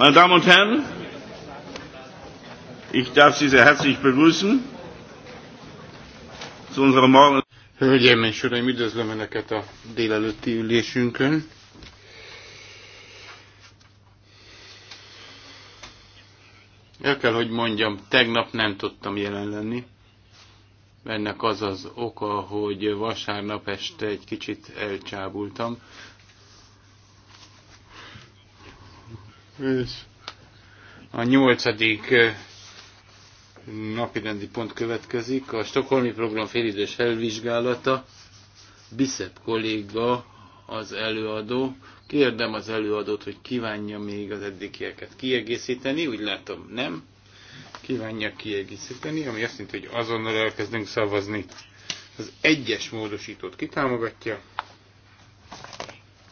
Meine Damen und Herren, ich darf Sie sehr herzlich begrüßen zu unserem Morgen. Hölgyeim és Uraim, üdvözlöm Önöket a délelőtti ülésünkön. El kell, hogy mondjam, tegnap nem tudtam jelen lenni. Ennek az az oka, hogy vasárnap este egy kicsit elcsábultam. És a nyolcadik napirendi pont következik, a Stockholmi Program félidős felvizsgálata. Bicep kolléga az előadó. Kérdem az előadót, hogy kívánja még az eddigieket kiegészíteni. Úgy látom, nem. Kívánja kiegészíteni, ami azt jelenti, hogy azonnal elkezdünk szavazni. Az egyes módosítót kitámogatja.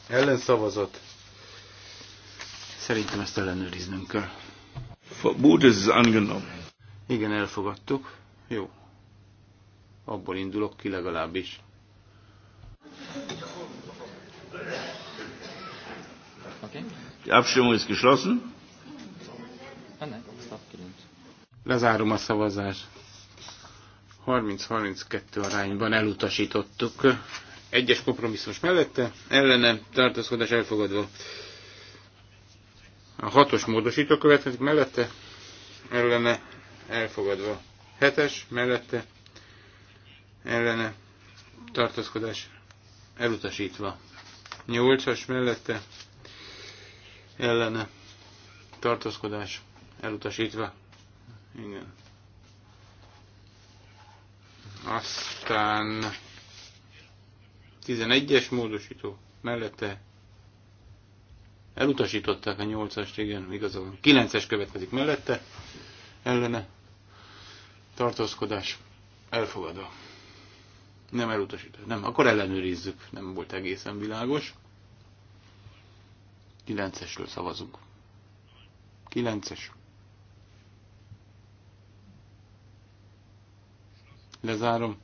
Ellenszavazat. Szerintem ezt ellenőriznünk kell. Igen, elfogadtuk. Jó. Abból indulok ki legalábbis. Okay. Abstimmung ist geschlossen. Ah, Lezárom a szavazást. 30-32 arányban elutasítottuk. Egyes kompromisszus mellette, ellene tartózkodás elfogadva. A hatos módosító következik mellette, ellene elfogadva. Hetes mellette, ellene tartózkodás elutasítva. Nyolcas mellette, ellene tartózkodás elutasítva. Igen. Aztán 11-es módosító mellette Elutasították a 8-ast, igen, igazán. 9-es következik mellette, ellene. Tartózkodás elfogadva. Nem elutasítás, Nem, akkor ellenőrizzük. Nem volt egészen világos. 9-esről szavazunk. 9-es. Lezárom.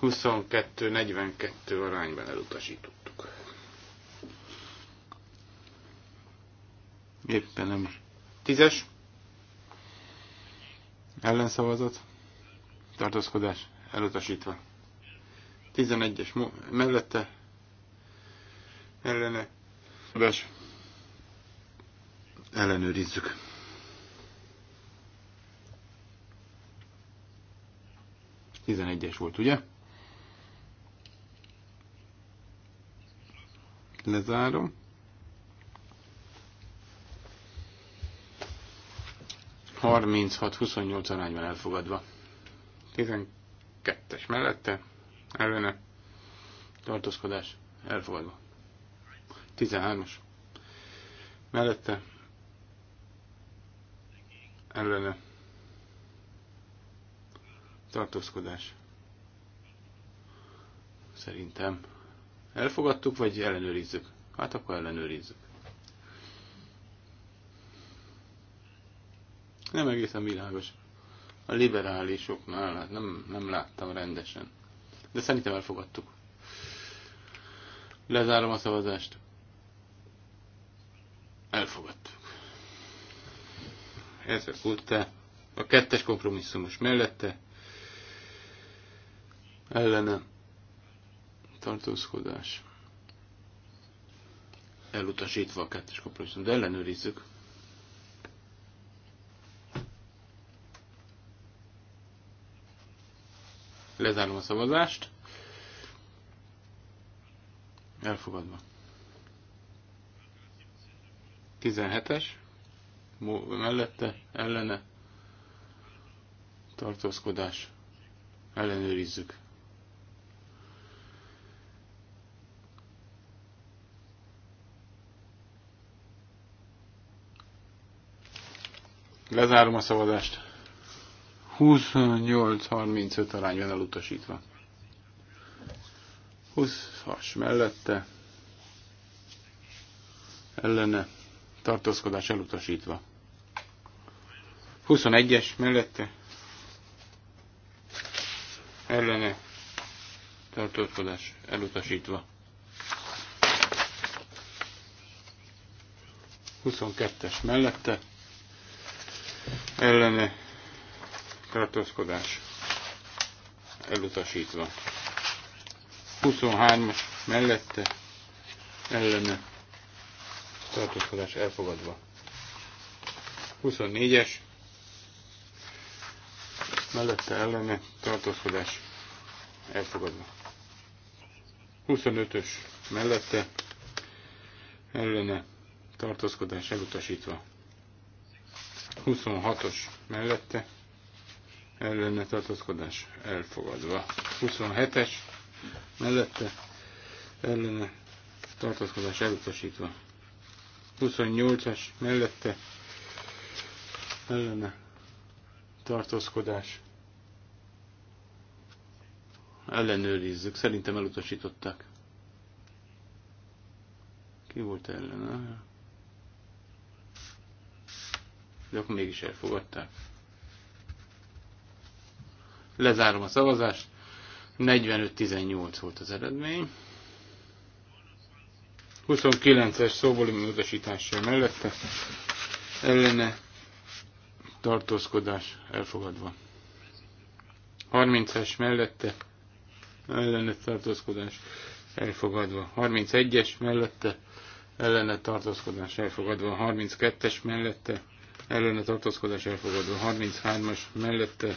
22-42 arányban elutasítottuk. Éppen nem. Tízes. Ellenszavazat. Tartózkodás. Elutasítva. 11-es mellette. Ellene. Bes. Ellenőrizzük. Tizenegyes volt, ugye? lezárom. Harminchat, huszonnyolc arányban elfogadva. 12-es mellette, ellene, tartózkodás, elfogadva. 13 13-as Mellette, ellene, tartózkodás. Szerintem Elfogadtuk, vagy ellenőrizzük? Hát akkor ellenőrizzük. Nem egészen világos. A liberálisoknál hát nem, nem láttam rendesen. De szerintem elfogadtuk. Lezárom a szavazást. Elfogadtuk. Ezek után a kettes kompromisszumos mellette Ellenem tartózkodás elutasítva a kettős kompromisszum, de ellenőrizzük. Lezárom a szavazást. Elfogadva. 17-es. Mellette, ellene. Tartózkodás. Ellenőrizzük. Lezárom a szavazást. 28-35 arányban elutasítva. 20-as mellette. Ellene. Tartózkodás elutasítva. 21-es mellette. Ellene. Tartózkodás elutasítva. 22-es mellette ellene tartózkodás elutasítva. 23-as mellette ellene tartózkodás elfogadva. 24-es mellette ellene tartózkodás elfogadva. 25-ös mellette ellene tartózkodás elutasítva. 26-os mellette ellene tartózkodás elfogadva. 27-es mellette ellene tartózkodás elutasítva. 28-as mellette ellene tartózkodás ellenőrizzük. Szerintem elutasították. Ki volt ellene? de akkor mégis elfogadták. Lezárom a szavazást. 45-18 volt az eredmény. 29-es szóbóli módosítással mellette ellene tartózkodás elfogadva. 30-es mellette ellene tartózkodás elfogadva. 31-es mellette ellene tartózkodás elfogadva. 32-es mellette ellene tartózkodás elfogadva, 33-as mellette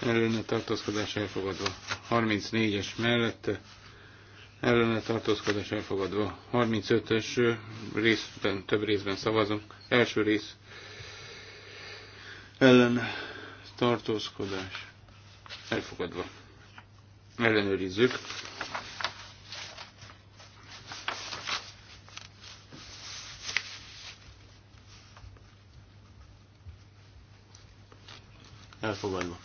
ellene tartózkodás elfogadva, 34-es mellette ellene tartózkodás elfogadva, 35-ös részben, több részben szavazunk, első rész ellen tartózkodás elfogadva. Ellenőrizzük. elfogadva.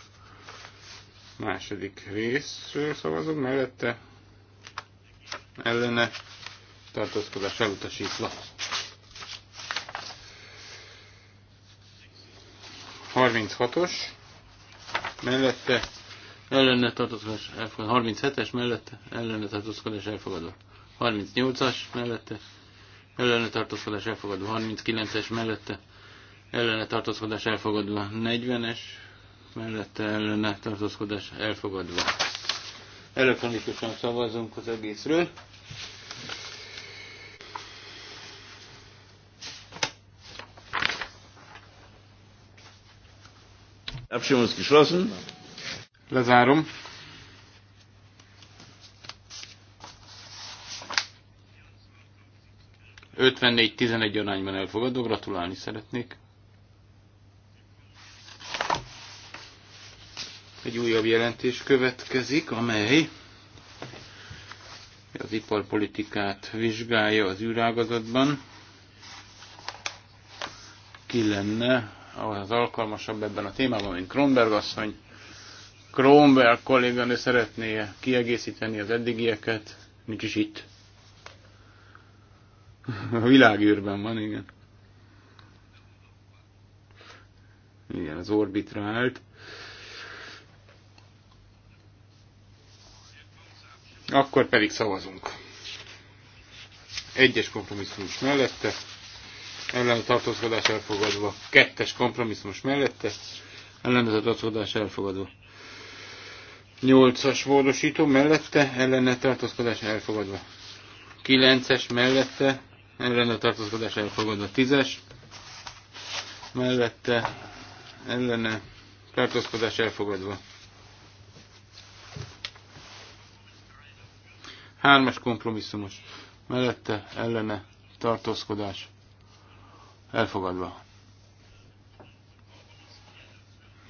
Második részről szavazunk, mellette ellene tartózkodás elutasítva. Harminchatos mellette ellene tartózkodás elfogadva. 37-es mellette ellene tartózkodás elfogadva. 38-as mellette ellene tartózkodás elfogadva. 39-es mellette ellene tartózkodás elfogadva. 40-es mellette ellene tartózkodás elfogadva. Elektronikusan szavazunk az egészről. Abstimmung ist geschlossen. Lezárom. Ötvennégy-tizenegy arányban elfogadó, gratulálni szeretnék. Egy újabb jelentés következik, amely az iparpolitikát vizsgálja az űrágazatban. Ki lenne az alkalmasabb ebben a témában, mint Kronberg asszony. Kronberg kolléganő szeretné kiegészíteni az eddigieket, nincs is itt. A világűrben van, igen. Igen, az orbitra állt. Akkor pedig szavazunk. Egyes kompromisszumos mellette, ellen tartózkodás elfogadva. Kettes kompromisszumos mellette, ellen tartózkodás elfogadva. Nyolcas módosító mellette, a tartózkodás elfogadva. Kilences mellette, a tartózkodás elfogadva. Tízes mellette, a tartózkodás elfogadva. Hármas kompromisszumos. Mellette ellene tartózkodás. Elfogadva.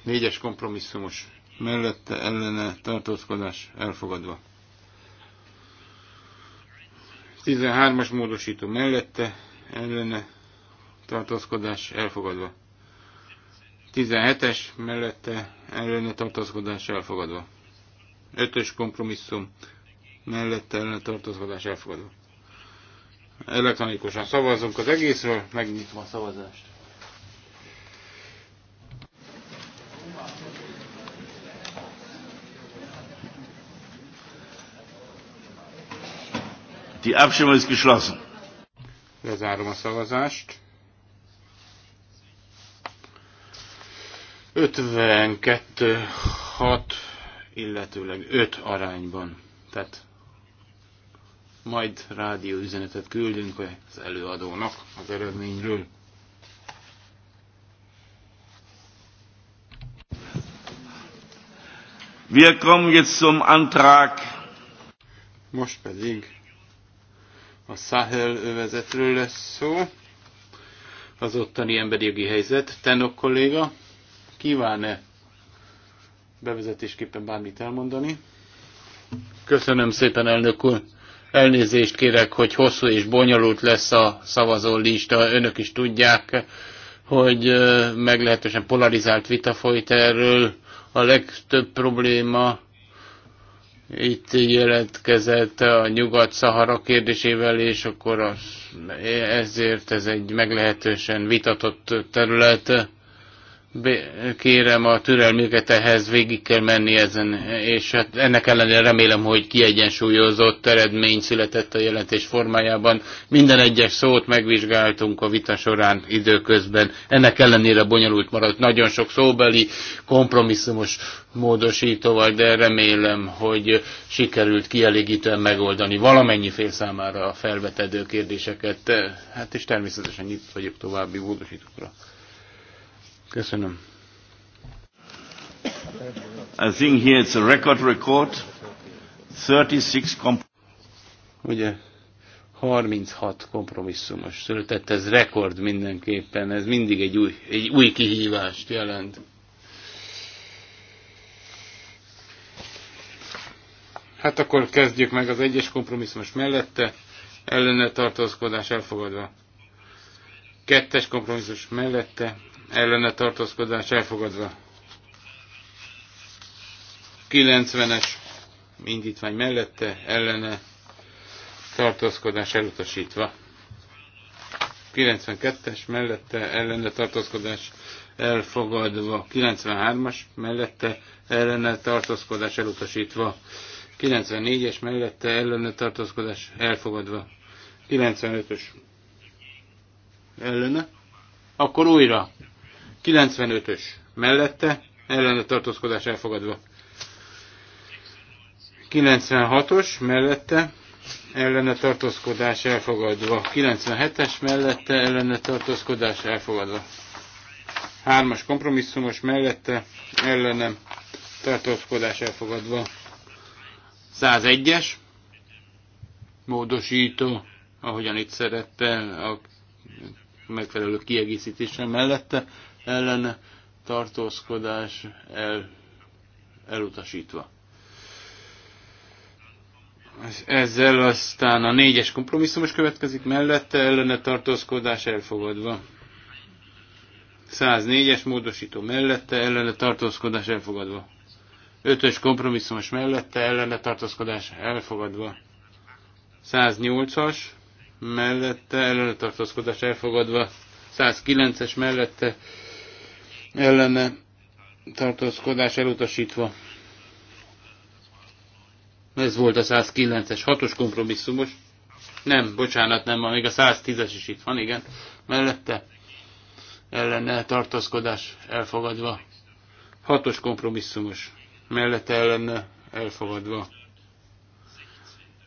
Négyes kompromisszumos. Mellette ellene tartózkodás. Elfogadva. 13-as módosító mellette ellene tartózkodás elfogadva. 17-es mellette ellene tartózkodás elfogadva. 5-ös kompromisszum mellette ellen tartozkodás elfogadva. Elektronikusan szavazunk az egészről, megnyitom a szavazást. Ti Abstimmung ist geschlossen. Lezárom a szavazást. 52-6, illetőleg 5 arányban. Tehát majd rádió üzenetet küldünk az előadónak az eredményről. Wir kommen jetzt zum Antrag. Most pedig a Sahel övezetről lesz szó. Az ottani emberi jogi helyzet. Tenok kolléga, kíván-e bevezetésképpen bármit elmondani? Köszönöm szépen, elnök úr. Elnézést kérek, hogy hosszú és bonyolult lesz a szavazó lista. Önök is tudják, hogy meglehetősen polarizált vita folyt erről. A legtöbb probléma itt jelentkezett a Nyugat-Szahara kérdésével, és akkor az, ezért ez egy meglehetősen vitatott terület kérem a türelmüket ehhez, végig kell menni ezen, és hát ennek ellenére remélem, hogy kiegyensúlyozott eredmény született a jelentés formájában. Minden egyes szót megvizsgáltunk a vita során időközben, ennek ellenére bonyolult maradt nagyon sok szóbeli, kompromisszumos módosítóval, de remélem, hogy sikerült kielégítően megoldani valamennyi fél számára a felvetedő kérdéseket, hát és természetesen nyit vagyok további módosítókra. Köszönöm. I think here it's a record record. 36 comp Ugye 36 kompromisszumos született, ez rekord mindenképpen, ez mindig egy új, egy új kihívást jelent. Hát akkor kezdjük meg az egyes kompromisszumos mellette, ellene tartózkodás elfogadva. Kettes kompromisszumos mellette, ellene tartózkodás elfogadva. 90-es indítvány mellette ellene tartózkodás elutasítva. 92-es mellette ellene tartózkodás elfogadva. 93-as mellette ellene tartózkodás elutasítva. 94-es mellette ellene tartózkodás elfogadva. 95-ös ellene. Akkor újra 95-ös mellette, ellene tartózkodás elfogadva. 96-os mellette, ellene tartózkodás elfogadva. 97-es mellette, ellene tartózkodás elfogadva. 3-as kompromisszumos mellette, ellenem tartózkodás elfogadva. 101-es módosító, ahogyan itt szerepel, a megfelelő kiegészítése mellette ellene tartózkodás el, elutasítva. Ezzel aztán a négyes is következik, mellette ellene tartózkodás elfogadva. 104-es módosító mellette ellene tartózkodás elfogadva. 5-ös kompromisszumos mellette ellene tartózkodás elfogadva. 108-as mellette ellene tartózkodás elfogadva. 109-es mellette ellene tartózkodás elutasítva. Ez volt a 109-es, 6-os kompromisszumos. Nem, bocsánat, nem, még a 110-es is itt van, igen. Mellette ellene tartózkodás elfogadva. 6-os kompromisszumos. Mellette ellene elfogadva.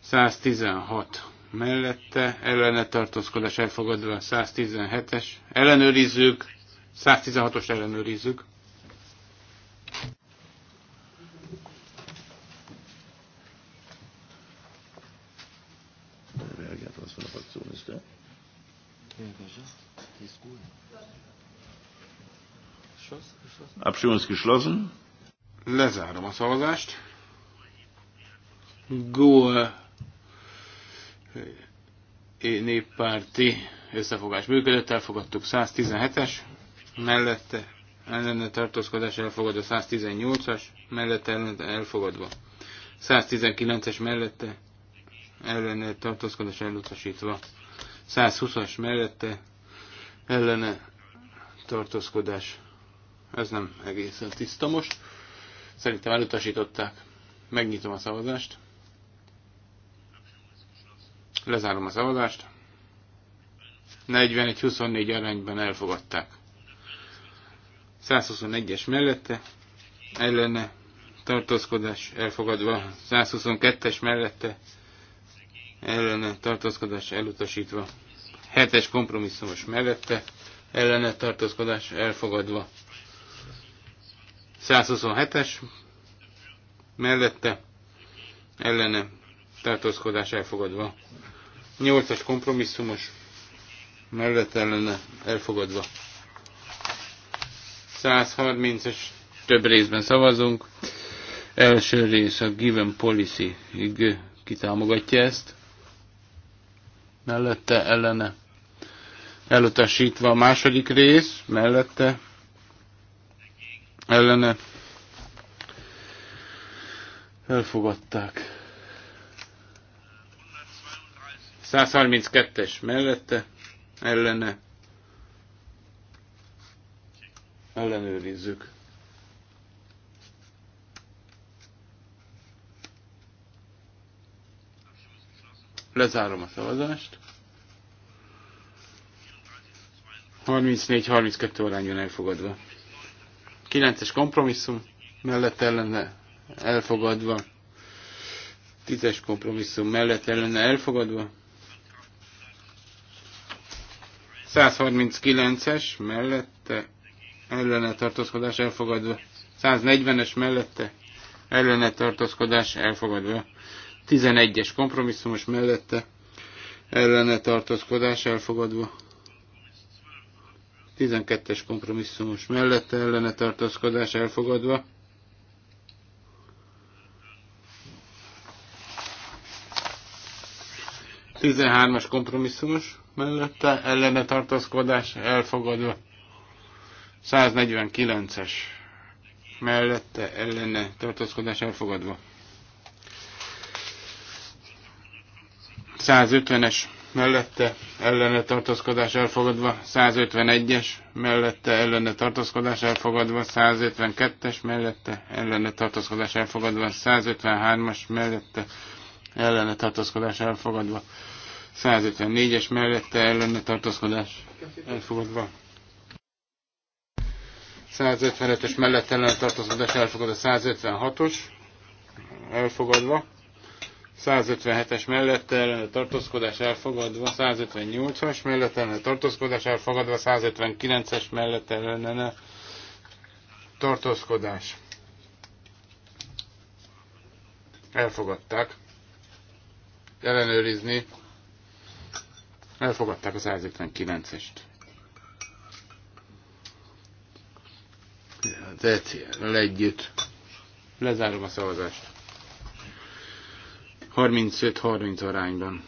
116. Mellette ellene tartózkodás elfogadva. 117-es. Ellenőrizzük 116-os ellenőrizzük. Abszolút ist geschlossen. Lezárom a szavazást. Gól eh, néppárti összefogás működött, elfogadtuk 117-es mellette ellene tartózkodás elfogadva, 118-as mellette ellene elfogadva, 119-es mellette ellene tartózkodás elutasítva, 120-as mellette ellene tartózkodás. Ez nem egészen tiszta most. Szerintem elutasították. Megnyitom a szavazást. Lezárom a szavazást. 41-24 arányban elfogadták. 121-es mellette, ellene tartózkodás elfogadva, 122-es mellette, ellene tartózkodás elutasítva, 7-es kompromisszumos mellette, ellene tartózkodás elfogadva, 127-es mellette, ellene tartózkodás elfogadva, 8-as kompromisszumos mellette ellene elfogadva. 130-es több részben szavazunk. Első rész a Given Policy-ig kitámogatja ezt. Mellette ellene. Elutasítva a második rész, mellette ellene. Elfogadták. 132-es mellette ellene ellenőrizzük. Lezárom a szavazást. 34-32 jön elfogadva. 9-es kompromisszum mellett ellene elfogadva. 10-es kompromisszum mellett ellene elfogadva. 139-es mellette ellene tartózkodás elfogadva. 140-es mellette ellene tartózkodás elfogadva. 11-es kompromisszumos mellette ellene tartózkodás elfogadva. 12-es kompromisszumos mellette ellene tartózkodás elfogadva. 13-as kompromisszumos mellette ellene tartózkodás elfogadva. 149-es mellette ellene tartózkodás elfogadva. 150-es mellette ellene tartózkodás elfogadva, 151-es mellette ellene tartózkodás elfogadva, 152-es mellette ellene tartózkodás elfogadva, 153-as mellette ellene tartózkodás elfogadva, 154-es mellette ellene tartózkodás elfogadva. 155-ös mellett ellen tartózkodás elfogadva, 156-os elfogadva, 157-es mellett ellen tartózkodás elfogadva, 158-as mellett ellen tartózkodás elfogadva, 159-es mellett ellen tartózkodás. Elfogadták. Ellenőrizni. Elfogadták a 159-est. az ECL együtt. Lezárom a szavazást. 35-30 arányban.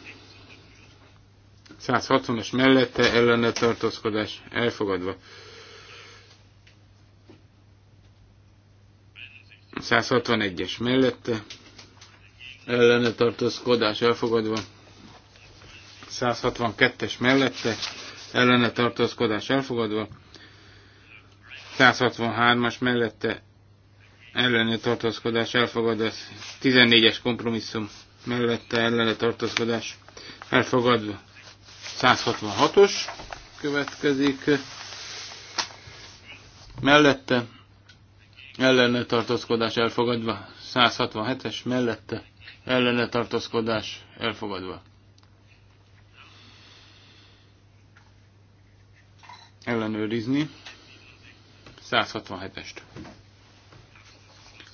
160-as mellette ellene tartózkodás elfogadva. 161-es mellette ellene tartózkodás elfogadva. 162-es mellette ellene tartózkodás elfogadva. 163-as mellette ellene tartózkodás elfogadva, 14-es kompromisszum mellette ellene tartózkodás elfogadva, 166-os következik, mellette ellene tartózkodás elfogadva, 167-es mellette ellene tartózkodás elfogadva. Ellenőrizni. 167-est.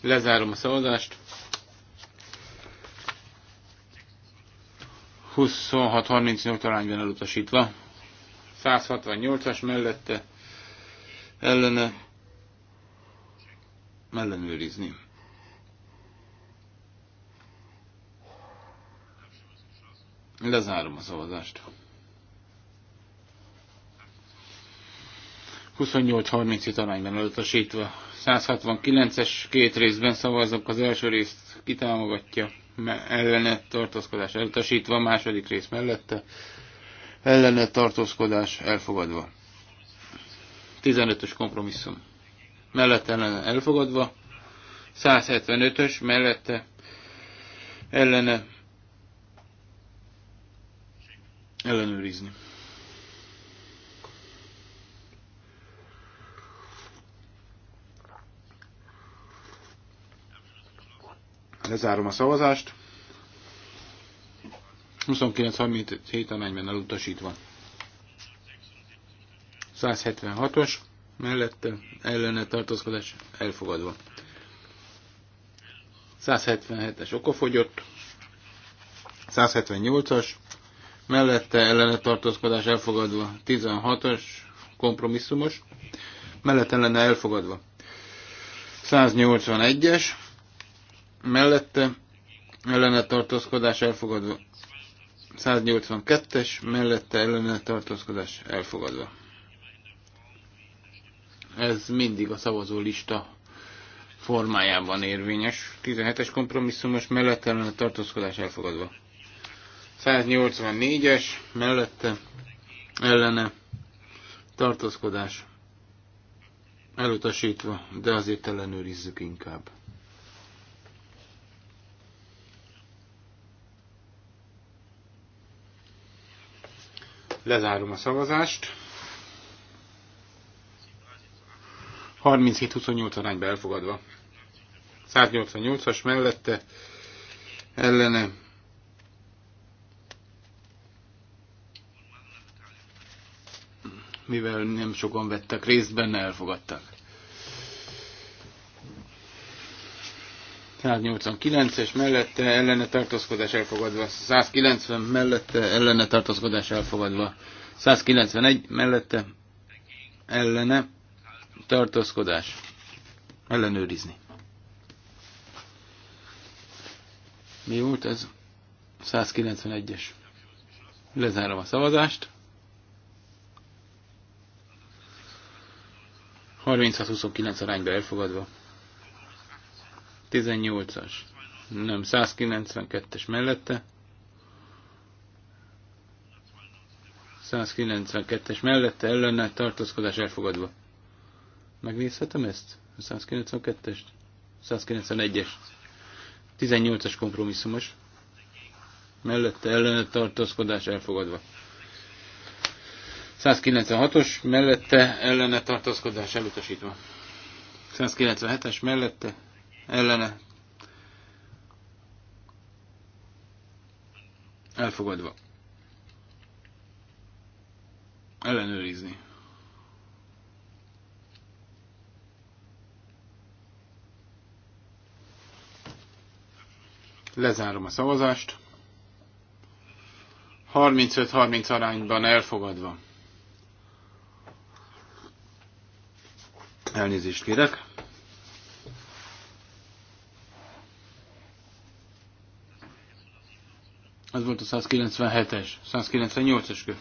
Lezárom a szavazást. 26-38 talányban elutasítva. 168-as mellette ellene ellenőrizni. Lezárom a szavazást. 28-37 arányban elutasítva. 169-es két részben szavazok, az első részt kitámogatja, ellene tartózkodás elutasítva, a második rész mellette, ellene tartózkodás elfogadva. 15-ös kompromisszum. Mellette ellene elfogadva, 175-ös mellette ellene ellenőrizni. Lezárom a szavazást. 29-37 arányban elutasítva. 176-os mellette ellene tartózkodás elfogadva. 177-es okofogyott. 178-as mellette ellene tartózkodás elfogadva. 16-os kompromisszumos mellette ellene elfogadva. 181-es mellette ellene tartózkodás elfogadva. 182-es mellette ellene tartózkodás elfogadva. Ez mindig a szavazó lista formájában érvényes. 17-es kompromisszumos mellette ellene tartózkodás elfogadva. 184-es mellette ellene tartózkodás elutasítva, de azért ellenőrizzük inkább. Lezárom a szavazást. 37-28 arányba elfogadva. 188-as mellette ellene mivel nem sokan vettek részt benne, elfogadták. 189-es mellette ellene tartózkodás elfogadva, 190 mellette ellene tartózkodás elfogadva, 191 mellette ellene tartózkodás ellenőrizni. Mi volt ez? 191-es. Lezárom a szavazást. 36-29 arányba elfogadva. 118-as. Nem, 192-es mellette. 192-es mellette ellene tartózkodás elfogadva. Megnézhetem ezt? A 192-est? 191-es. 18-as kompromisszumos. Mellette ellene tartózkodás elfogadva. 196-os mellette ellene tartózkodás elutasítva. 197-es mellette ellene elfogadva ellenőrizni. Lezárom a szavazást. 35-30 arányban elfogadva. Elnézést kérek. Ez volt a 197-es, 198-es kő.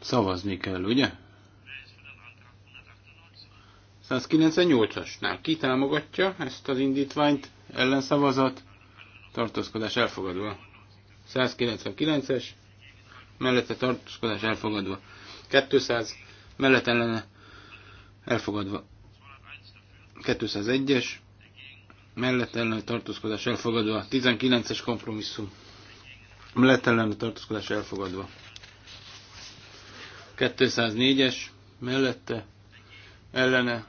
Szavazni kell, ugye? 198 Na, ki támogatja ezt az indítványt, ellenszavazat, tartózkodás elfogadva. 199-es mellette tartózkodás elfogadva. 200 mellett ellene elfogadva. 201-es mellett ellene tartózkodás elfogadva. 19-es kompromisszum mellett ellene tartózkodás elfogadva. 204-es mellette ellene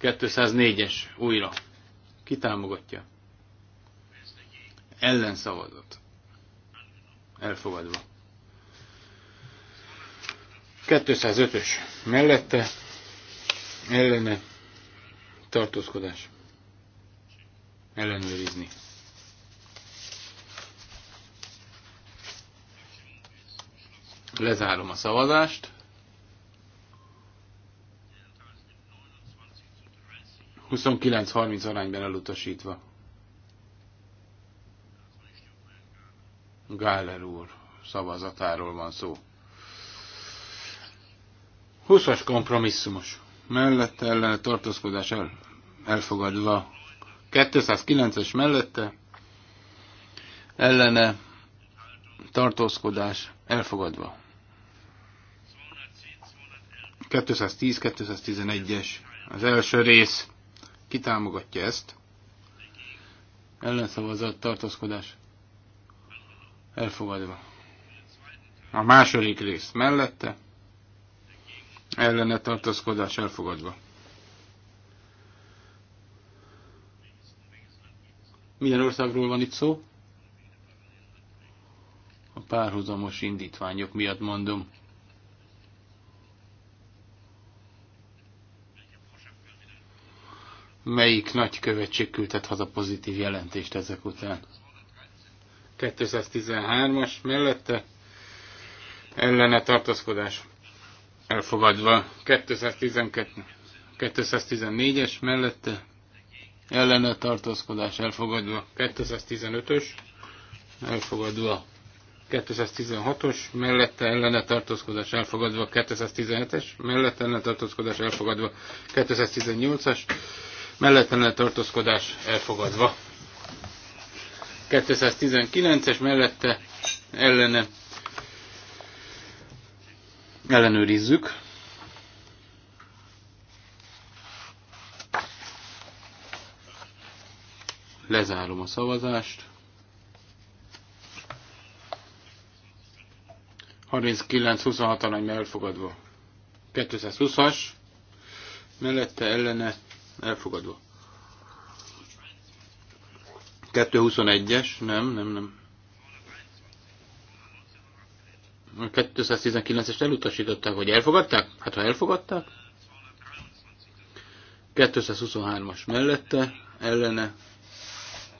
204-es újra. Ki támogatja? szavazott, Elfogadva. 205-ös mellette ellene tartózkodás. Ellenőrizni. Lezárom a szavazást. 29-30 arányban elutasítva. Gáller úr szavazatáról van szó. 20-as kompromisszumos. Mellette ellene tartózkodás el, elfogadva. 209-es mellette ellene tartózkodás elfogadva. 210-211-es az első rész kitámogatja ezt. Ellenszavazat tartózkodás Elfogadva. A második rész mellette. Ellene tartaszkodás elfogadva. Milyen országról van itt szó? A párhuzamos indítványok miatt mondom. Melyik nagy követség küldhet haza pozitív jelentést ezek után? 2013 as mellette ellene tartózkodás elfogadva. 2012 es mellette ellene tartózkodás elfogadva. 2015 ös elfogadva. 2016 os mellette ellene tartózkodás elfogadva, 2017 es mellette ellene tartózkodás elfogadva, 2018 as mellette ellene tartózkodás elfogadva. 219-es mellette ellene ellenőrizzük. Lezárom a szavazást. 39-26 arányban elfogadva. 220-as mellette ellene elfogadva. 221-es, nem, nem, nem. A 219-est elutasították, hogy elfogadták? Hát ha elfogadták. 223-as mellette, ellene,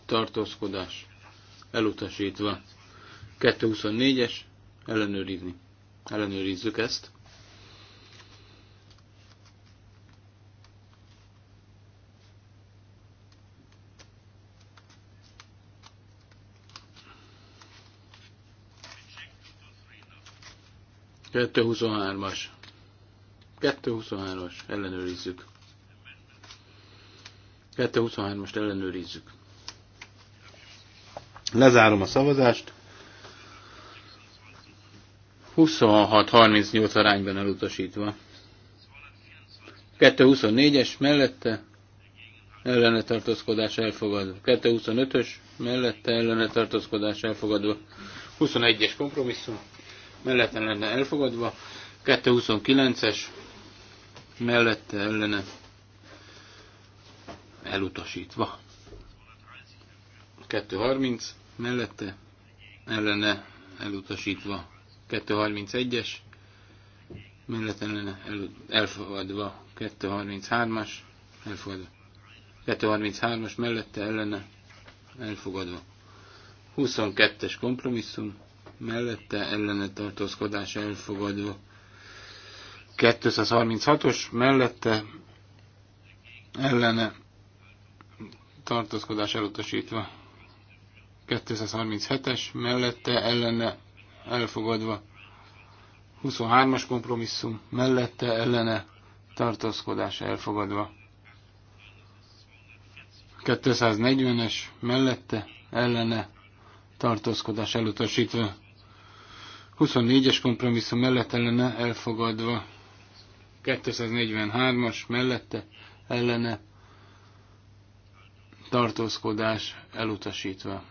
tartózkodás, elutasítva. 224-es, ellenőrizni. Ellenőrizzük ezt. 223-as. 223-as, ellenőrizzük. 223-ast ellenőrizzük. Lezárom a szavazást. 26-38 arányban elutasítva. 224-es mellette ellene tartózkodás elfogadva. 225-ös mellette ellene tartózkodás elfogadva. 21-es kompromisszum mellette lenne elfogadva, 229-es mellette ellene elutasítva. 230 mellette ellene elutasítva. 231-es mellette ellene elfogadva. 233-as elfogadva. 233-as mellette ellene elfogadva. 22-es kompromisszum mellette ellene tartózkodás elfogadó 236-os mellette ellene tartózkodás elutasítva. 237-es mellette ellene elfogadva. 23-as kompromisszum mellette ellene tartózkodás elfogadva. 240-es mellette ellene tartózkodás elutasítva. 24-es kompromisszum mellett ellene elfogadva. 243-as mellette ellene tartózkodás elutasítva.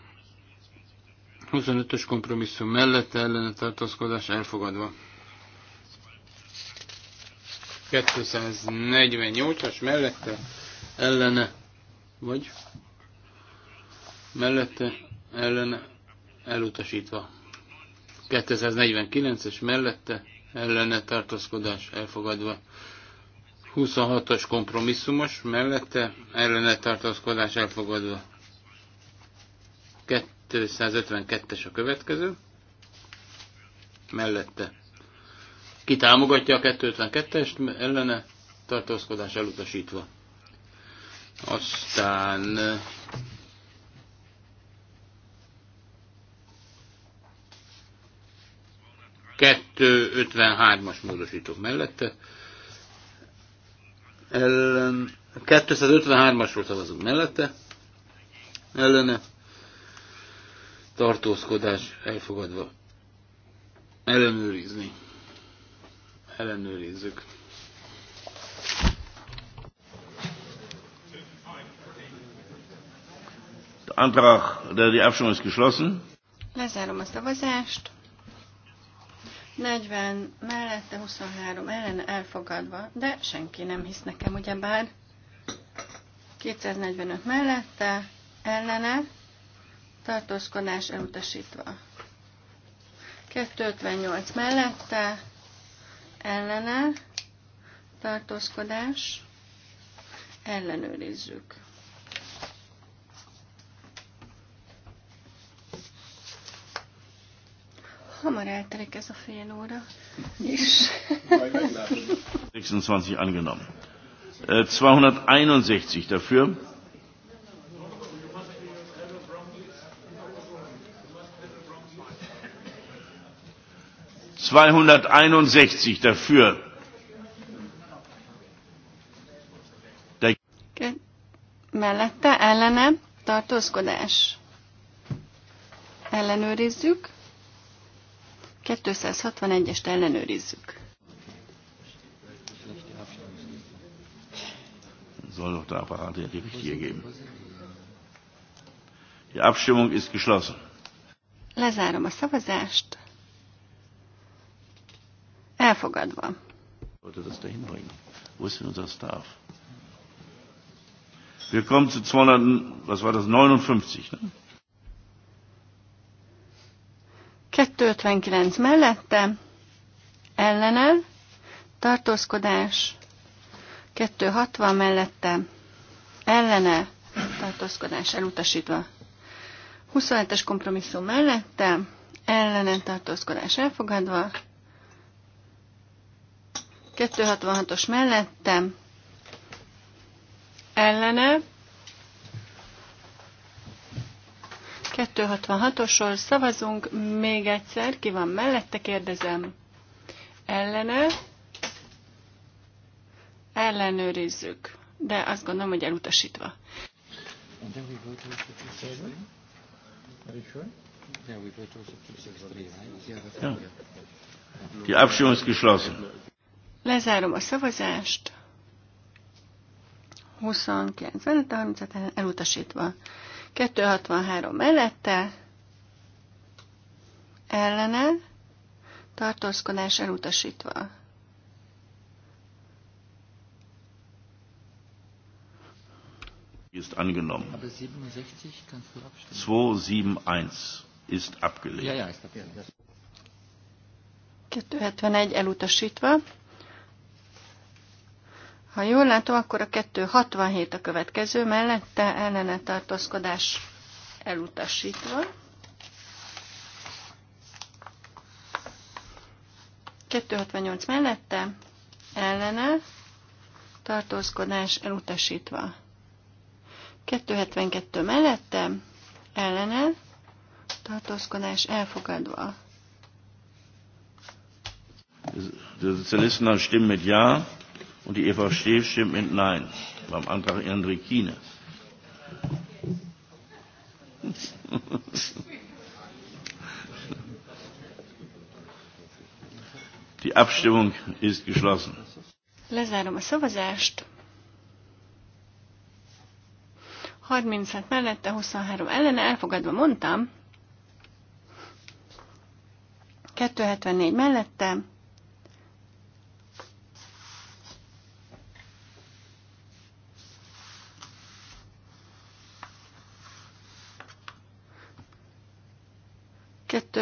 25-ös kompromisszum mellette ellene tartózkodás elfogadva. 248-as mellette ellene vagy mellette ellene elutasítva. 249-es mellette ellene tartózkodás elfogadva. 26-os kompromisszumos mellette ellene tartózkodás elfogadva. 252-es a következő. Mellette. Ki támogatja a 252-est ellene tartózkodás elutasítva. Aztán 253-as módosító mellette. Ellen 253-asról szavazunk mellette. Ellene tartózkodás elfogadva. Ellenőrizni. Ellenőrizzük. Antrag, de die Abstimmung ist geschlossen. Lezárom a szavazást. 40 mellette, 23 ellen elfogadva, de senki nem hisz nekem, ugyebár. 245 mellette, ellene, tartózkodás elutasítva. 258 mellette, ellene, tartózkodás, ellenőrizzük. Hamar eltelik ez a fél óra És... 26 angenommen. 261 äh, dafür. Zweihunderteinundsechzig dafür. Mellette ellene tartózkodás. Ellenőrizzük. 261-est ellenőrizzük. Soll doch der Apparat der Richtige geben. Die Abstimmung ist geschlossen. Lezárom a szavazást. Elfogadva. Wollte das dahin bringen. Wo ist denn unser Wir kommen zu 200, was war das, 59, ne? 259 mellette, ellene, tartózkodás, 260 mellette, ellene, tartózkodás elutasítva. 27-es kompromisszum mellette, ellene tartózkodás elfogadva, 266-os mellette, ellene 266-osról szavazunk, még egyszer, ki van mellette, kérdezem. Ellene. Ellenőrizzük, de azt gondolom, hogy elutasítva. Lezárom a szavazást. 29 mellett, 30 elutasítva. 263 mellette, ellene, tartózkodás elutasítva. ist angenommen. 271 ist abgelehnt. Ja, ja, ist abgelehnt. 271 elutasítva. Ha jól látom, akkor a 267 a következő, mellette ellene tartózkodás elutasítva. 268 mellette ellene tartózkodás elutasítva. 272 mellette ellene tartózkodás elfogadva. Die Sozialisten stimmen mit Ja und die Eva EVP stimmt mit Nein beim Antrag Enrikine. Die Abstimmung ist geschlossen. Lezárom a szavazást. 36 mellette, 23 ellene, elfogadva mondtam. 274 mellette,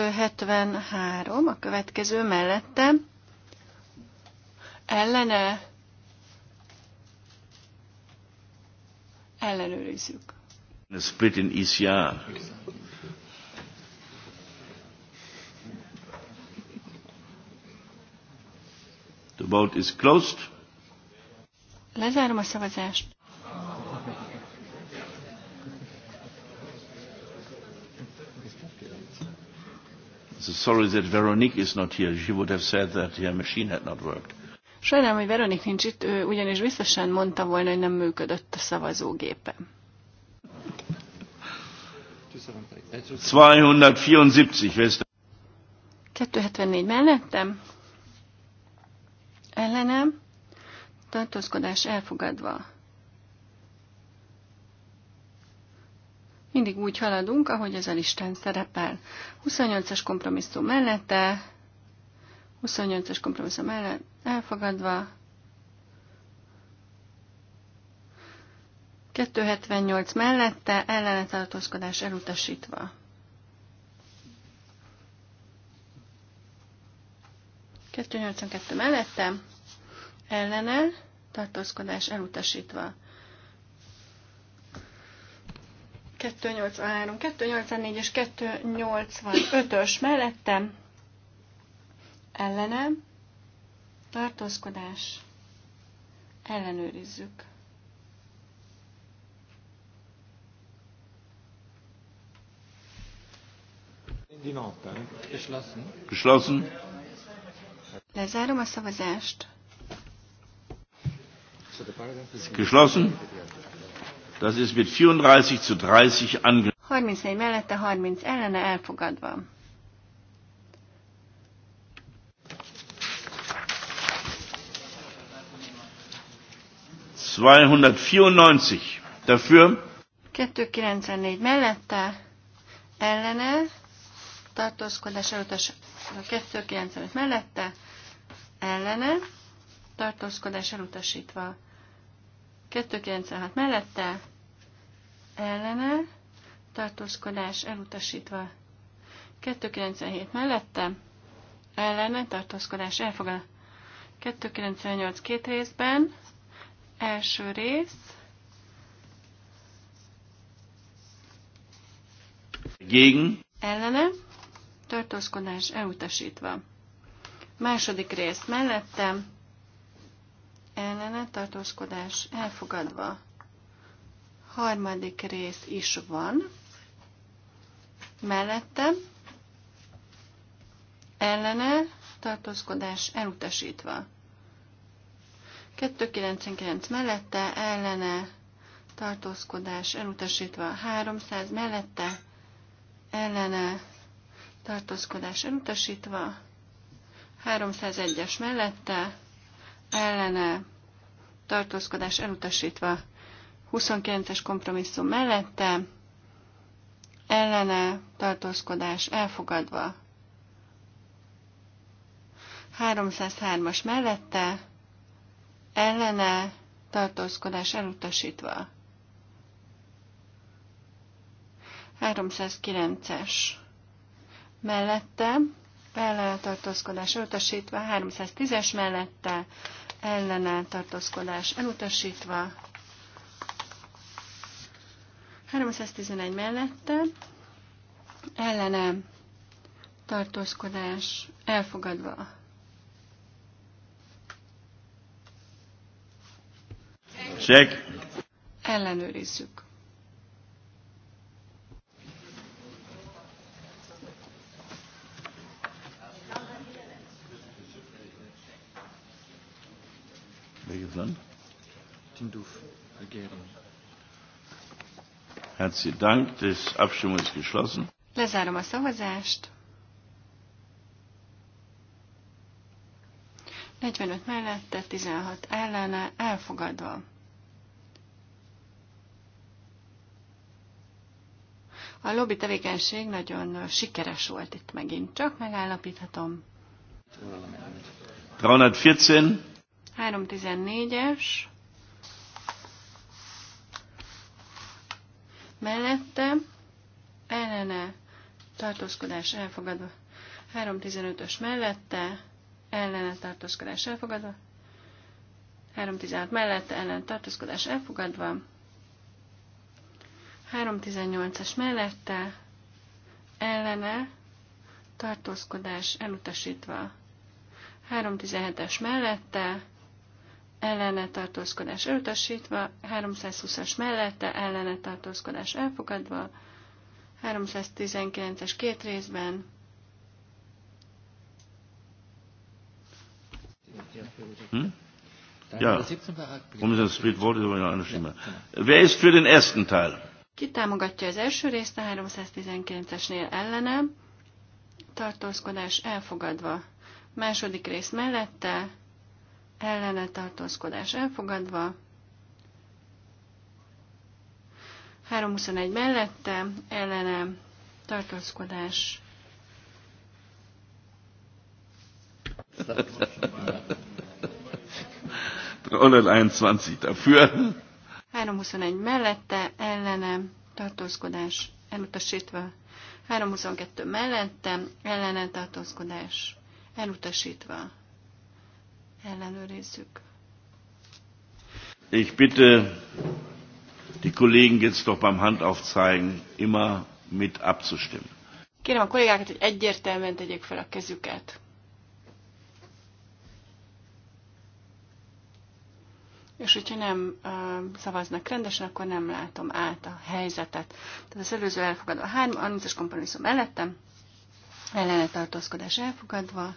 273 a következő mellette. Ellene ellenőrizzük. A split in ECR. The vote is closed. Lezárom a szavazást. sorry that Veronique is not here. She would have said that her machine had not worked. Sajnálom, hogy Veronik nincs itt, ő ugyanis biztosan mondta volna, hogy nem működött a szavazógépe. 274 mellettem, ellenem, tartózkodás elfogadva. Mindig úgy haladunk, ahogy ez a listán szerepel. 28-as kompromisszum mellette, 28-as kompromisszum mellett elfogadva, 278 mellette ellenetartózkodás elutasítva. Kettő mellette ellenel tartózkodás elutasítva. 283, 284 és 285-ös mellettem ellenem tartózkodás ellenőrizzük. Eh? Geschlossen. Lezárom a szavazást. Geschlossen. Das ist mit 34 zu 30 angenommen. 34 mellette, 30 ellene elfogadva. dafür. 294 mellette, ellene, tartózkodás elutas, 295 mellette, ellene, tartózkodás elutasítva, 296 mellette, ellene, tartózkodás elutasítva. 297 mellette, ellene, tartózkodás elfogadva. 298 két részben, első rész. Gegen. Ellene, tartózkodás elutasítva. Második rész mellette, ellene, tartózkodás elfogadva harmadik rész is van, mellette, ellene, tartózkodás elutasítva. 299 mellette, ellene, tartózkodás elutasítva. 300 mellette, ellene, tartózkodás elutasítva. 301-es mellette, ellene, tartózkodás elutasítva. 29-es kompromisszum mellette, ellene tartózkodás elfogadva. 303-as mellette, ellene tartózkodás elutasítva. 309-es mellette, ellene tartózkodás elutasítva, 310-es mellette, ellene tartózkodás elutasítva, 311 mellette ellene tartózkodás elfogadva. Check. Ellenőrizzük. Welches Land? Tinduf, Algerien. Herzlichen Dank. Das Abstimmung ist geschlossen. Lezárom a szavazást. 45 mellette, 16 ellene, elfogadva. A lobby tevékenység nagyon sikeres volt itt megint, csak megállapíthatom. 314-es. mellette, ellene, tartózkodás elfogadva. 3.15-ös mellette, ellene tartózkodás elfogadva. 3.16 mellette, ellen tartózkodás elfogadva. 318 es mellette, ellene, tartózkodás elutasítva. 3.17-es mellette, ellene tartózkodás elutasítva, 320-as mellette ellene tartózkodás elfogadva, 319-es két részben, Hm? Ja. Um den Split Vote über eine Stimme. Wer ist für den ersten Teil? Ki támogatja az első részt a 319-esnél ellene? Tartózkodás elfogadva. Második rész mellette ellene tartózkodás elfogadva, 321 mellette ellene tartózkodás dafür. 321 mellette ellene tartózkodás elutasítva. 322 mellette ellene tartózkodás elutasítva ellenőrizzük. Ich bitte die Kollegen jetzt doch beim Handaufzeigen immer mit abzustimmen. Kérem a kollégákat, hogy egyértelműen tegyék fel a kezüket. És hogyha nem uh, szavaznak rendesen, akkor nem látom át a helyzetet. Tehát az előző elfogadva a 3, 30-as kompromisszum mellettem, ellene tartózkodás elfogadva,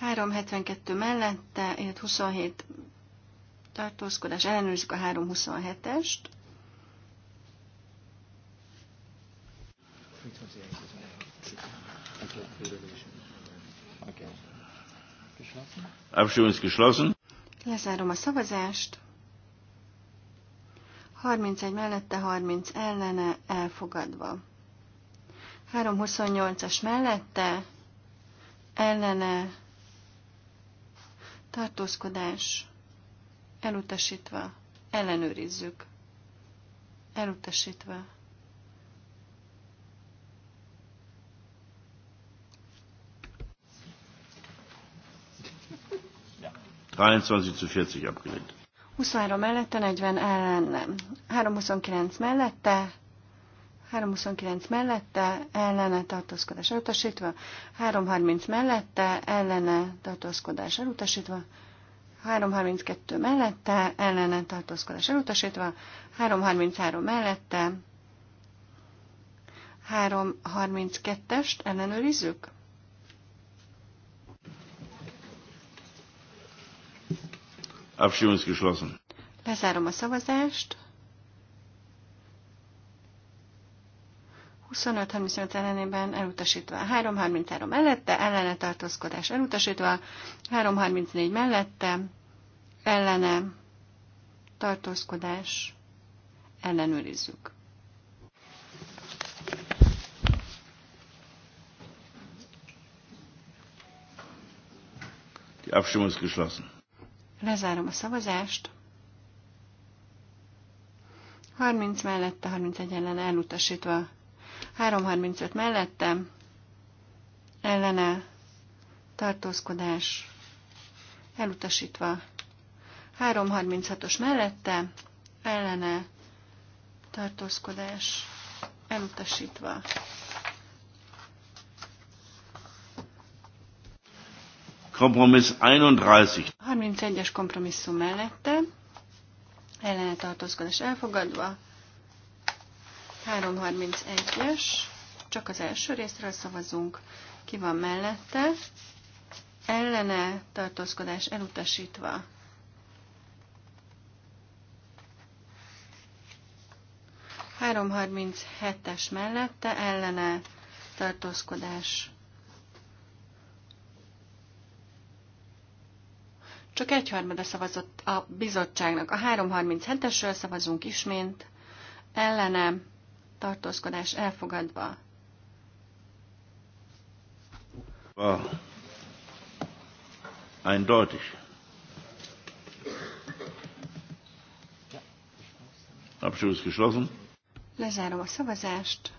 372 mellette, illetve 27 tartózkodás, ellenőrizzük a 327-est. Lezárom a szavazást. 31 mellette, 30 ellene, elfogadva. 328-as mellette, ellene, tartózkodás, elutasítva, ellenőrizzük, elutasítva. Ja. 40 23 mellette, 40 ellen nem. 329 mellette, 329 mellette, ellene tartózkodás elutasítva, 330 mellette, ellene tartózkodás elutasítva, 332 mellette, ellene tartózkodás elutasítva, 333 mellette, 332-est ellenőrizzük. Abstimmungsgeschlossen. Lezárom a szavazást. 25-35 ellenében elutasítva. 3-33 mellette, ellene tartózkodás elutasítva. 3-34 mellette, ellene tartózkodás ellenőrizzük. Lezárom a szavazást. 30 mellette, 31 ellen elutasítva, 335 mellette ellene tartózkodás elutasítva. 336-os mellette ellene tartózkodás elutasítva. Kompromiss 31. 31-es kompromisszum mellette ellene tartózkodás elfogadva. 331-es, csak az első részről szavazunk, ki van mellette, ellene tartózkodás elutasítva. Három harminc mellette ellene tartózkodás. Csak egyharmada szavazott a bizottságnak. A 337-esről szavazunk ismét. Ellenem tartózkodás elfogadva. Wow. Eindeutig. Abschluss geschlossen. Lezárom a szavazást.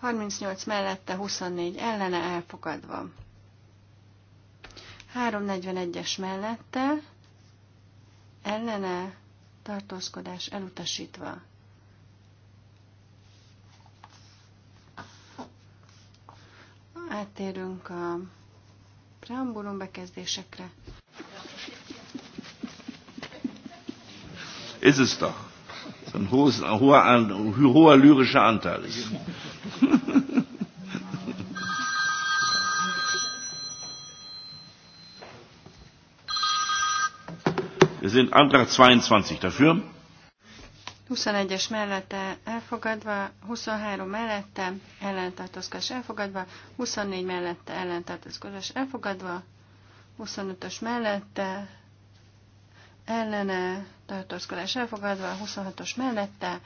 38 mellette, 24 ellene elfogadva. 341-es mellette, ellene tartózkodás elutasítva. Áttérünk a preambulum bekezdésekre. Ist es doch. Ein, hohes, ein, hoher, ein hoher lyrischer Anteil ist. Wir sind Antrag 22 dafür 21-es mellette elfogadva, 23 mellette ellentartózkodás elfogadva, 24 mellette ellentartózkodás elfogadva, 25-ös mellette ellene tartózkodás elfogadva, 26-os mellette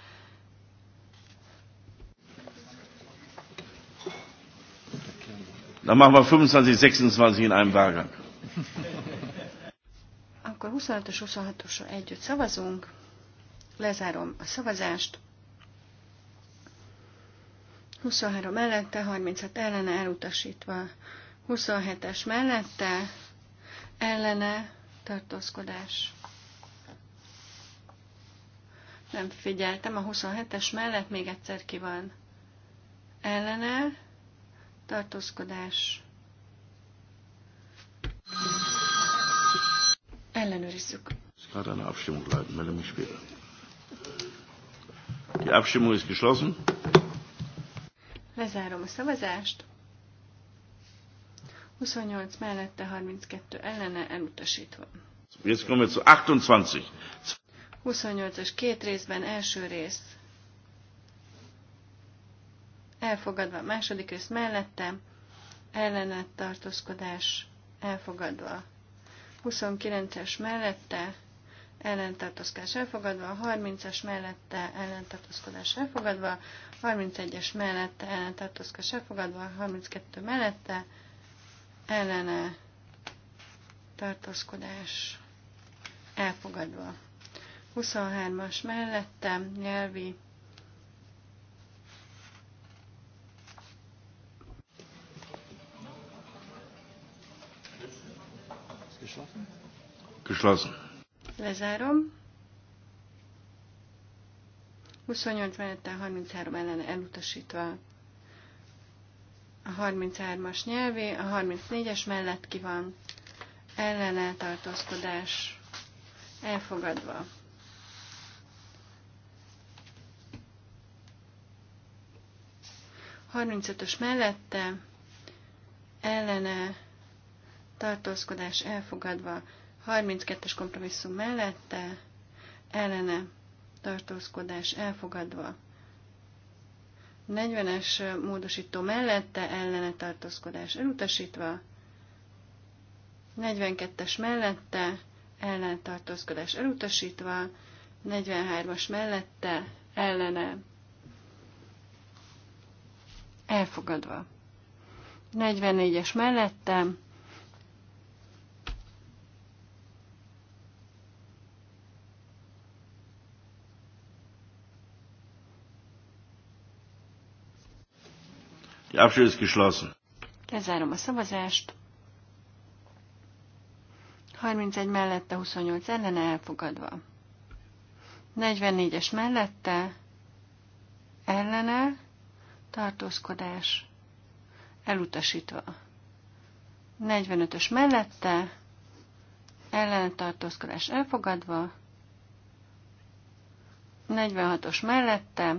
Na machen wir 25, 26 in einem Wahlgang. Akkor 25-ös, 26-osra együtt szavazunk. Lezárom a szavazást. 23 mellette, 36 ellene elutasítva. 27-es mellette, ellene tartózkodás. Nem figyeltem, a 27-es mellett még egyszer ki van. Ellene tartózkodás. Ellenőrizzük. Gerade eine Abstimmung leiten, meine Die Abstimmung ist geschlossen. Lezárom a szavazást. 28 mellette, 32 ellene elutasítva. Jetzt kommen wir zu 28. 28-as két részben első rész elfogadva, második rész mellette ellenet tartózkodás elfogadva. 29-es mellette ellentartózkodás elfogadva, 30-as mellette ellentartózkodás elfogadva, 31-es mellette ellentartózkodás elfogadva, 32 mellette ellene tartózkodás elfogadva. 23-as mellette nyelvi Köszönöm. Lezárom. 28 menettel 33 ellen elutasítva a 33-as nyelvé, a 34-es mellett ki van elfogadva. A 35-ös mellette ellene tartózkodás elfogadva, 32-es kompromisszum mellette, ellene tartózkodás elfogadva. 40-es módosító mellette, ellene tartózkodás elutasítva. 42-es mellette, ellen tartózkodás elutasítva. 43-as mellette, ellene elfogadva. 44-es mellette, Die Abstimmung ist geschlossen. Lezárom a szavazást. 31 mellette, 28 ellene elfogadva. 44-es mellette, ellene, tartózkodás, elutasítva. 45-ös mellette, ellene tartózkodás elfogadva. 46-os mellette,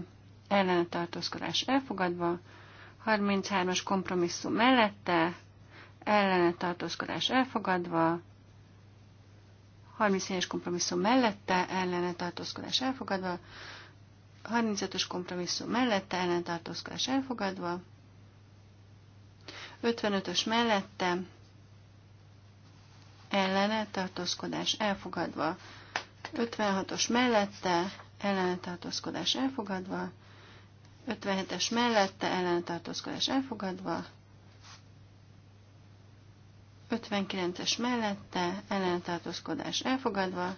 ellene tartózkodás elfogadva. 33-as kompromisszum mellette, ellene tartózkodás elfogadva, 34-es kompromisszum mellette, ellene tartózkodás elfogadva, 35-ös kompromisszum mellette, ellene tartózkodás elfogadva, 55-ös mellette, ellene tartózkodás elfogadva, 56-os mellette, ellene tartózkodás elfogadva, 57-es mellette ellentartózkodás elfogadva, 59-es mellette ellentartózkodás elfogadva,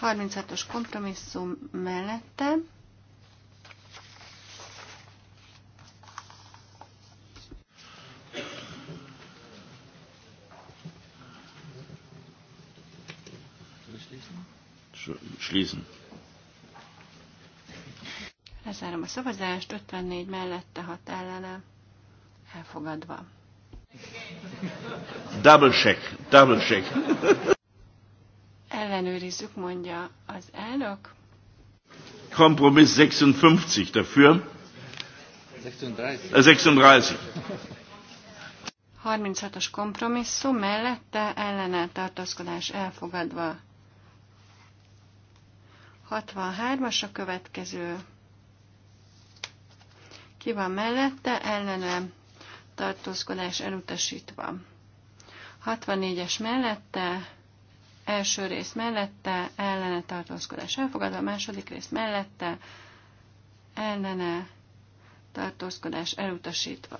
36-os kompromisszum mellette, Schließen. Lezárom a szavazást, 54 mellette, 6 ellene. Elfogadva. Double check, double check. Ellenőrizzük, mondja az elnök. Kompromiss 56 dafür. 36. 36. 36-os kompromisszum mellette ellene tartózkodás elfogadva. 63-as a következő ki van mellette? Ellene tartózkodás elutasítva. 64-es mellette, első rész mellette, ellene tartózkodás elfogadva, második rész mellette, ellene tartózkodás elutasítva.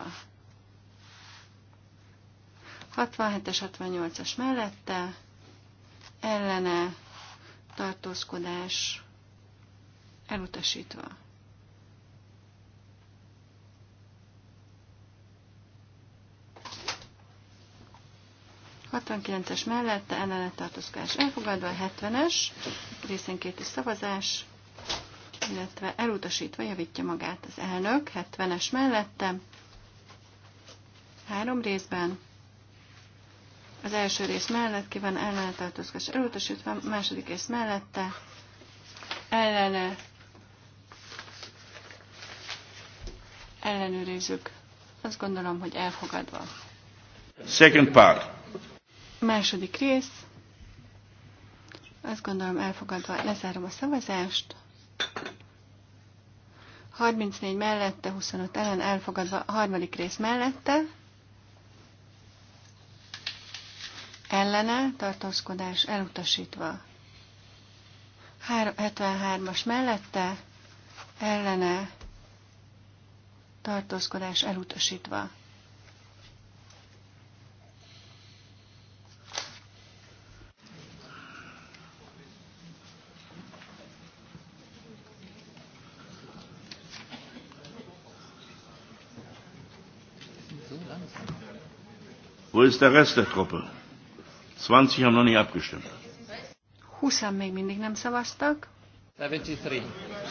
67-es, 68-as mellette, ellene tartózkodás elutasítva. 69-es mellette ellenet tartozkodás elfogadva, 70-es részenkéti szavazás, illetve elutasítva javítja magát az elnök, 70-es mellette, három részben, az első rész mellett ki van ellene elutasítva, második rész mellette, ellene ellenőrizzük. Azt gondolom, hogy elfogadva. Second part. Második rész. Azt gondolom elfogadva lezárom a szavazást. 34 mellette, 25 ellen elfogadva a harmadik rész mellette. Ellene tartózkodás elutasítva. 73-as mellette, ellene tartózkodás elutasítva. Wo ist der Rest der Truppe? 20 haben noch nicht abgestimmt. 20 még mindig nem szavaztak. 73.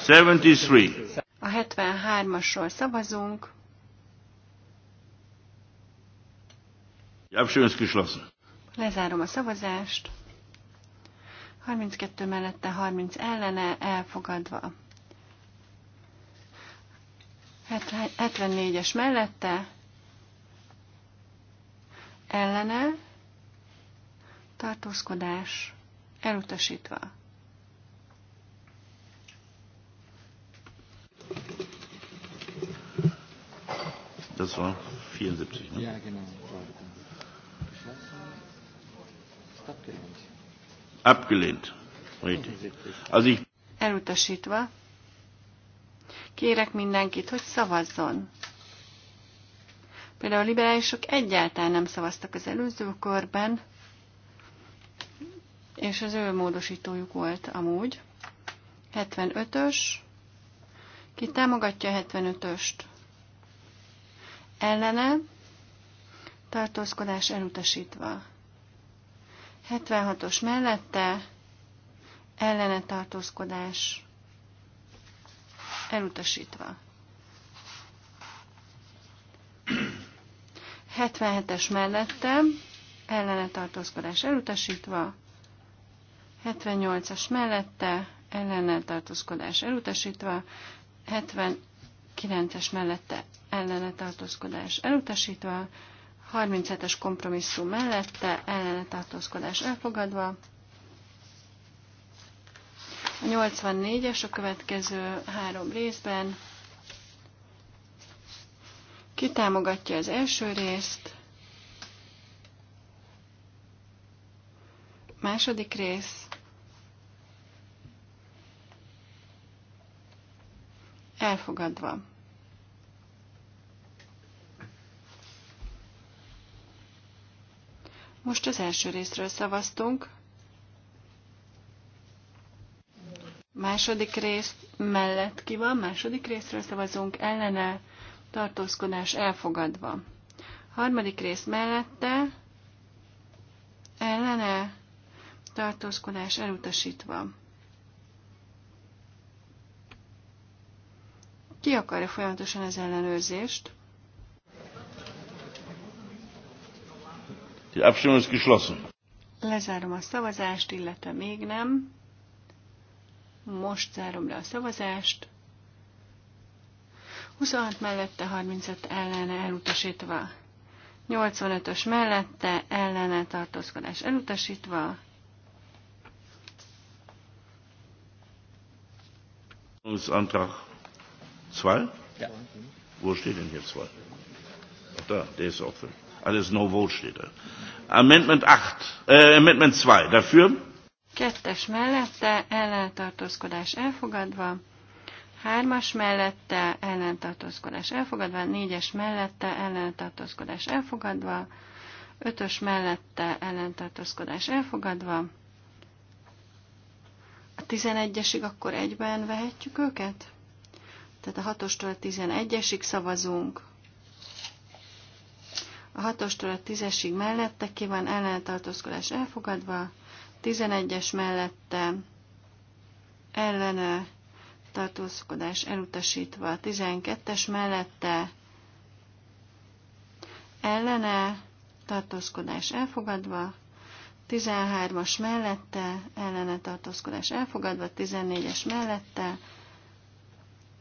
73. A 73-asról szavazunk. Die Abstimmung ist geschlossen. Lezárom a szavazást. 32 mellette 30 ellene elfogadva. 74-es mellette ellene, tartózkodás elutasítva. Das war 74, ne? Ja, genau. Abgelehnt. Abgelehnt. Richtig. Also ich Elutasítva. Kérek mindenkit, hogy szavazzon. Például a liberálisok egyáltalán nem szavaztak az előző körben, és az ő módosítójuk volt amúgy. 75-ös. Ki támogatja 75-öst? Ellene. Tartózkodás elutasítva. 76-os mellette. Ellene tartózkodás elutasítva. 77-es mellette ellene tartózkodás elutasítva, 78-as mellette ellene tartózkodás elutasítva, 79-es mellette ellene tartózkodás elutasítva, 37-es kompromisszum mellette ellene tartózkodás elfogadva, a 84-es a következő három részben ki támogatja az első részt? Második rész. Elfogadva. Most az első részről szavaztunk. Második rész mellett ki van, második részről szavazunk ellene tartózkodás elfogadva. Harmadik rész mellette, ellene, tartózkodás elutasítva. Ki akarja folyamatosan az ellenőrzést? Lezárom a szavazást, illetve még nem. Most zárom le a szavazást. 26 mellette, 35 ellene elutasítva. 85-ös mellette, ellene tartózkodás elutasítva. Az Antrag 2? Ja. Wo steht denn hier 2? Da, der ist offen. Alles no vote steht da. Amendment 8, äh, Amendment 2, dafür? Kettes mellette, tartózkodás elfogadva. Hármas mellette ellentartózkodás elfogadva, négyes mellette ellentartózkodás elfogadva, ötös mellette ellentartózkodás elfogadva. A tizenegyesig akkor egyben vehetjük őket? Tehát a hatostól a tizenegyesig szavazunk. A hatostól a tízesig mellette ki van ellentartózkodás elfogadva, tizenegyes mellette ellene tartózkodás elutasítva. 12-es mellette ellene tartózkodás elfogadva. 13-as mellette ellene tartózkodás elfogadva. 14-es mellette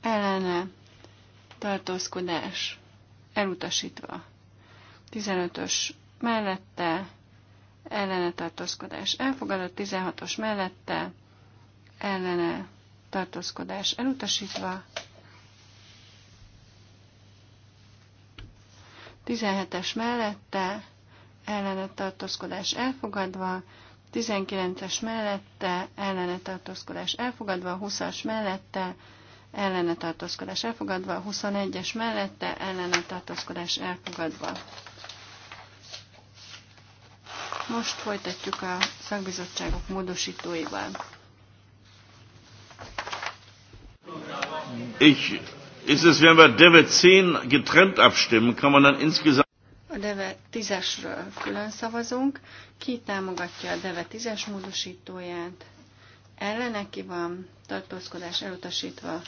ellene tartózkodás elutasítva. 15-ös mellette ellene tartózkodás elfogadva, 16-os mellette ellene tartózkodás elutasítva. 17-es mellette ellene tartózkodás elfogadva, 19-es mellette ellene tartózkodás elfogadva, 20-as mellette ellene tartózkodás elfogadva, 21-es mellette ellene tartózkodás elfogadva. Most folytatjuk a szakbizottságok módosítóival. Ich, ist es, wenn wir Deve 10 getrennt abstimmen, kann man dann insgesamt... A Deve 10-esről külön szavazunk. Ki támogatja a Deve 10-es módosítóját? Ellene ki van tartózkodás elutasítva.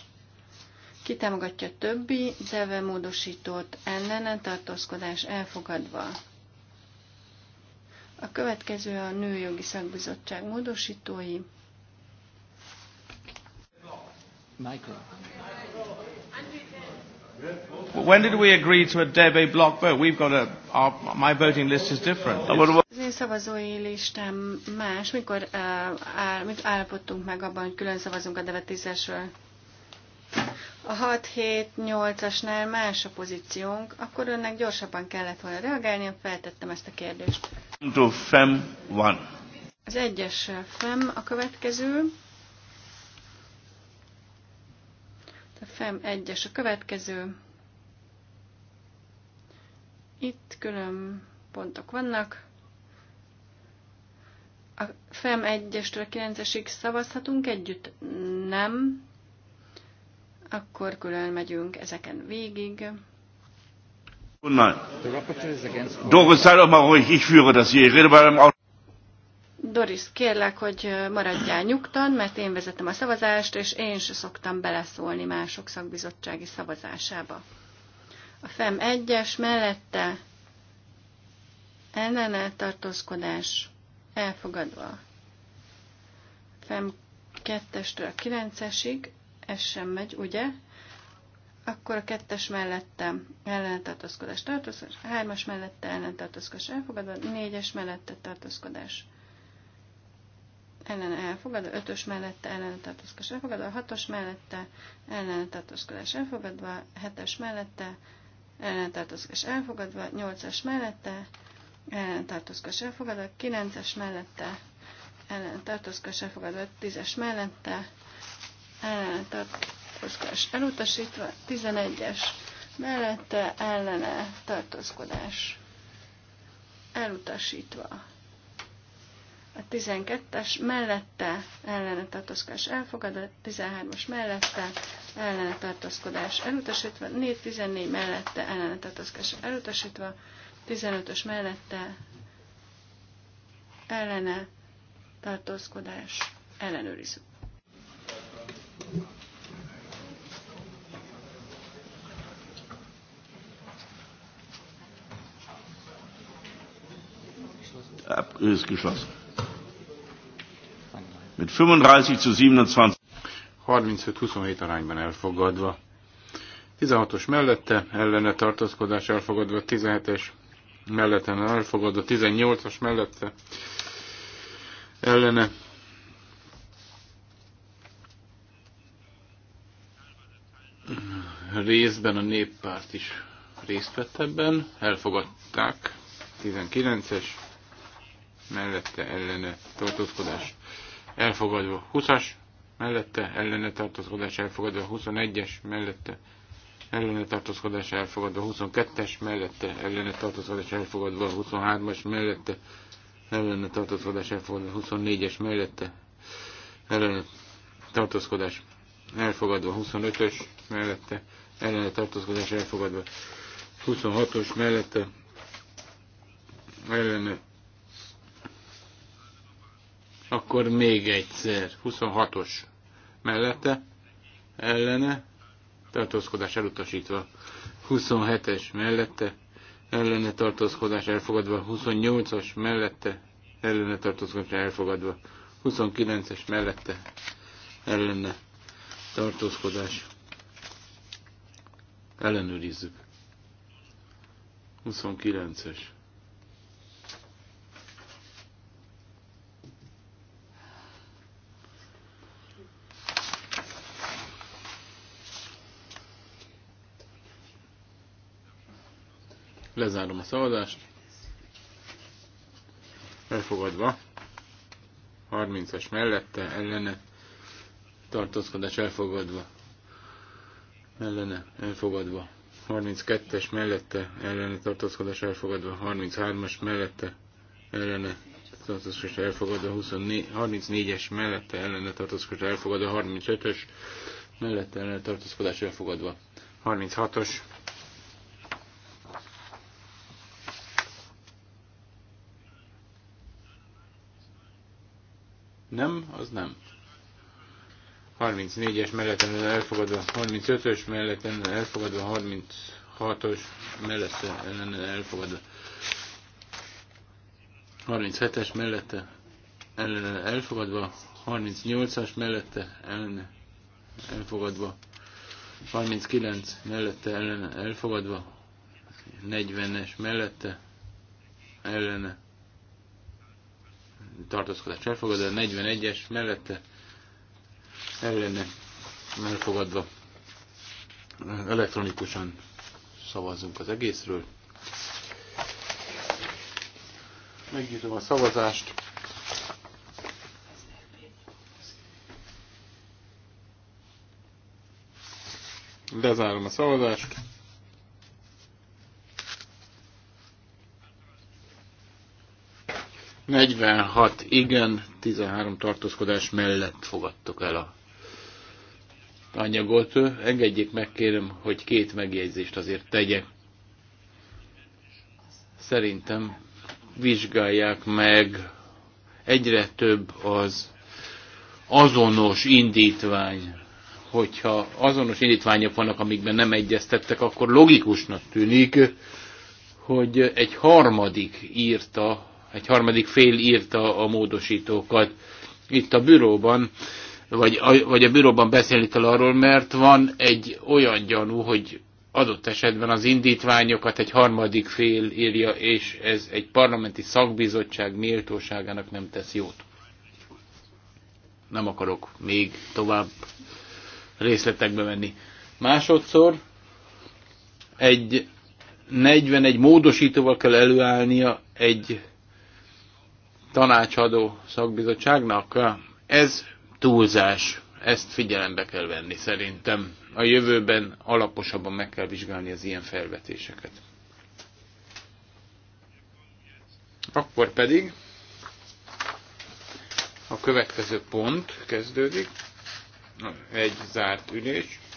Ki támogatja többi Deve módosítót? Ellene tartózkodás elfogadva. A következő a Nőjogi Szakbizottság módosítói. Micro. When did we agree to a Debe block vote? We've got a, our, my voting list is different. Az én szavazói listám más, mikor uh, áll, állapodtunk meg abban, hogy külön szavazunk a Debe 10-esről. A 6-7-8-asnál más a pozíciónk, akkor önnek gyorsabban kellett volna reagálni, én feltettem ezt a kérdést. To FEM Az egyes FEM a következő. A FEM 1-es a következő. Itt külön pontok vannak. A FEM 1-estől a 9-esig szavazhatunk együtt? Nem. Akkor külön megyünk ezeken végig. Nein. Doris, sei doch mal ruhig, ich führe das hier. Ich rede bei einem Doris, kérlek, hogy maradjál nyugtan, mert én vezetem a szavazást, és én se szoktam beleszólni mások szakbizottsági szavazásába. A FEM 1-es mellette ellene tartózkodás elfogadva. FEM 2-estől a 9-esig, ez sem megy, ugye? Akkor a kettes mellette ellentartózkodás tartózkodás, hármas mellette ellentartózkodás elfogadva, négyes mellette tartózkodás ellen elfogadva, ötös mellette ellen tartózkodás elfogadva, hatos mellette ellen tartózkodás elfogadva, hetes mellette ellen tartózkodás elfogadva, nyolcas mellette ellen tartózkodás elfogadva, kilences mellette ellen tartózkodás elfogadva, tízes mellette ellen tartózkodás elutasítva, tizenegyes mellette ellene tartózkodás elutasítva a 12-es mellette ellene tartózkodás elfogadva, 13-as mellette ellene tartózkodás elutasítva, 4-14 mellette ellene tartózkodás elutasítva, 15-ös mellette ellene tartózkodás ellenőrizve. Ez kis az mit 35 zu 27. 35-27 arányban elfogadva. 16-os mellette ellene tartózkodás elfogadva, 17-es mellette elfogadva, 18-as mellette ellene részben a néppárt is részt vett ebben, elfogadták, 19-es, mellette ellene tartózkodás elfogadva 20-as, mellette ellene tartózkodás elfogadva 21-es, mellette ellene tartózkodás elfogadva 22-es, mellette ellene tartózkodás elfogadva 23-as, mellette ellene tartózkodás elfogadva 24-es, mellette ellene tartózkodás elfogadva 25-ös, mellette ellene tartózkodás elfogadva 26-os, mellette ellene akkor még egyszer, 26-os mellette, ellene, tartózkodás elutasítva. 27-es mellette, ellene tartózkodás elfogadva. 28-as mellette, ellene tartózkodás elfogadva. 29-es mellette, ellene tartózkodás. Ellenőrizzük. 29-es. Lezárom a szavazást. Elfogadva. 30-as mellette, ellene. Tartózkodás elfogadva. Ellene, elfogadva. 32-es mellette, ellene tartózkodás elfogadva. 33-as mellette, ellene tartózkodás elfogadva. 34-es mellette, ellene tartózkodás elfogadva. 35-ös mellette, ellene tartózkodás elfogadva. 36-os Nem, az nem. 34-es melletten elfogadva, 35-ös melletten elfogadva, 36-os mellette ellene elfogadva. 37-es mellette ellene elfogadva, 38-as mellette ellene elfogadva, 39 mellette ellene elfogadva, 40-es mellette ellene tartózkodás elfogadva, 41-es mellette lenne elfogadva. Elektronikusan szavazzunk az egészről. Megnyitom a szavazást. Lezárom a szavazást. 46 igen, 13 tartózkodás mellett fogadtuk el a anyagot. Engedjék meg, kérem, hogy két megjegyzést azért tegyek. Szerintem vizsgálják meg egyre több az azonos indítvány. Hogyha azonos indítványok vannak, amikben nem egyeztettek, akkor logikusnak tűnik, hogy egy harmadik írta egy harmadik fél írta a módosítókat. Itt a büróban, vagy a, vagy a büróban beszélni kell arról, mert van egy olyan gyanú, hogy adott esetben az indítványokat egy harmadik fél írja, és ez egy parlamenti szakbizottság méltóságának nem tesz jót. Nem akarok még tovább részletekbe menni. Másodszor egy 41 módosítóval kell előállnia egy tanácsadó szakbizottságnak. Ez túlzás, ezt figyelembe kell venni szerintem. A jövőben alaposabban meg kell vizsgálni az ilyen felvetéseket. Akkor pedig a következő pont kezdődik, egy zárt ülés.